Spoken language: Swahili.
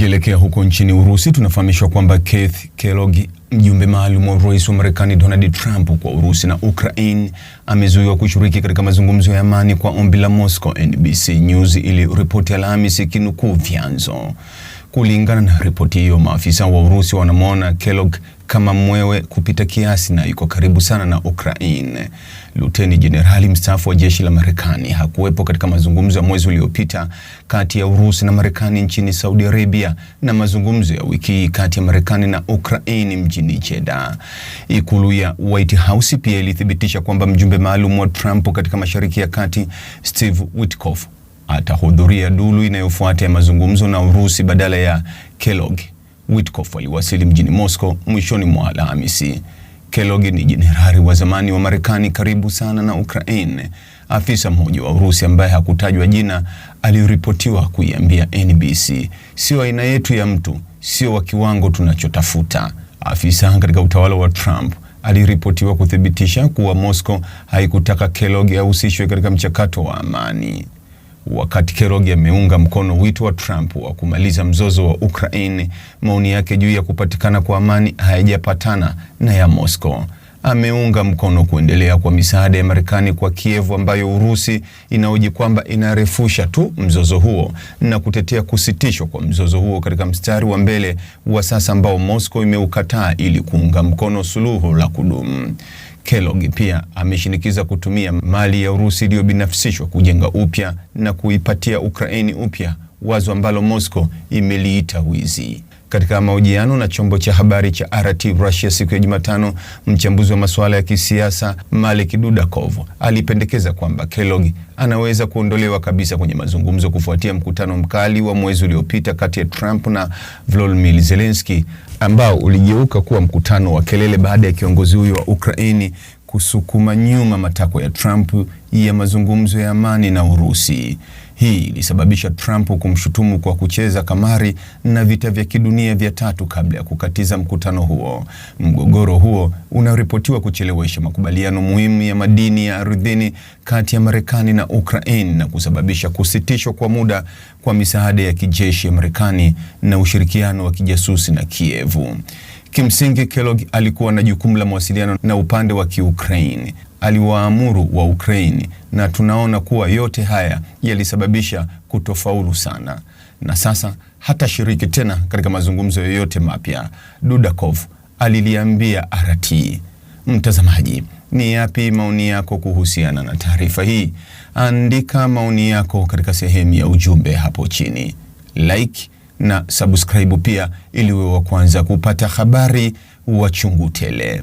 Tukielekea huko nchini Urusi, tunafahamishwa kwamba Keith Kellogg, mjumbe maalum wa rais wa Marekani Donald Trump kwa Urusi na Ukraine, amezuiwa kushiriki katika mazungumzo ya amani kwa ombi la Moscow, NBC News iliripoti Alhamisi ikinukuu vyanzo. Kulingana na ripoti hiyo, maafisa wa Urusi wanamwona Kellogg kama mwewe kupita kiasi na yuko karibu sana na Ukraine. Luteni Jenerali mstaafu wa jeshi la Marekani hakuwepo katika mazungumzo ya mwezi uliopita kati ya Urusi na Marekani nchini Saudi Arabia na mazungumzo ya wiki hii kati ya Marekani na Ukraine mjini Jeddah. Ikulu ya White House pia ilithibitisha kwamba mjumbe maalum wa Trump katika Mashariki ya Kati, Steve Witkoff atahudhuria duru inayofuata ya mazungumzo na Urusi badala ya Kellogg. Witkoff aliwasili mjini Moscow mwishoni mwa Alhamisi. kelogi ni jenerali wa zamani wa Marekani karibu sana na Ukraine. Afisa mmoja wa Urusi ambaye hakutajwa jina aliripotiwa kuiambia NBC, sio aina yetu ya mtu, sio wa kiwango tunachotafuta. Afisa katika utawala wa Trump aliripotiwa kuthibitisha kuwa Moscow haikutaka kelogi ahusishwe katika mchakato wa amani. Wakati Kerogi ameunga mkono wito wa Trump wa kumaliza mzozo wa Ukraine, maoni yake juu ya kupatikana kwa amani hayajapatana na ya Moscow. Ameunga mkono kuendelea kwa misaada ya Marekani kwa Kiev ambayo Urusi inaoji kwamba inarefusha tu mzozo huo na kutetea kusitishwa kwa mzozo huo katika mstari wa mbele wa sasa ambao Moscow imeukataa ili kuunga mkono suluhu la kudumu. Kellogg pia ameshinikiza kutumia mali ya Urusi iliyobinafsishwa kujenga upya na kuipatia Ukraini upya, wazo ambalo Moscow imeliita wizi. Katika mahojiano na chombo cha habari cha RT Russia siku ya Jumatano, mchambuzi wa masuala ya kisiasa Malik Dudakov alipendekeza kwamba Kellogg anaweza kuondolewa kabisa kwenye mazungumzo kufuatia mkutano mkali wa mwezi uliopita kati ya Trump na Volodymyr Zelensky ambao uligeuka kuwa mkutano wa kelele baada ya kiongozi huyo wa Ukraini kusukuma nyuma matakwa ya Trump ya mazungumzo ya amani na Urusi. Hii ilisababisha Trump kumshutumu kwa kucheza kamari na vita vya kidunia vya tatu kabla ya kukatiza mkutano huo. Mgogoro huo unaripotiwa kuchelewesha makubaliano muhimu ya madini ya ardhini kati ya Marekani na Ukraine na kusababisha kusitishwa kwa muda kwa misaada ya kijeshi ya Marekani na ushirikiano wa kijasusi na Kievu. Kimsingi, Kellogg alikuwa na jukumu la mawasiliano na upande wa Kiukraine aliwaamuru wa Ukraine, na tunaona kuwa yote haya yalisababisha kutofaulu sana, na sasa hatashiriki tena katika mazungumzo yoyote mapya. Dudakov aliliambia RT. Mtazamaji, ni yapi maoni yako kuhusiana na taarifa hii? Andika maoni yako katika sehemu ya ujumbe hapo chini, like na subscribe pia, ili uwe wa kwanza kupata habari wa chungu tele.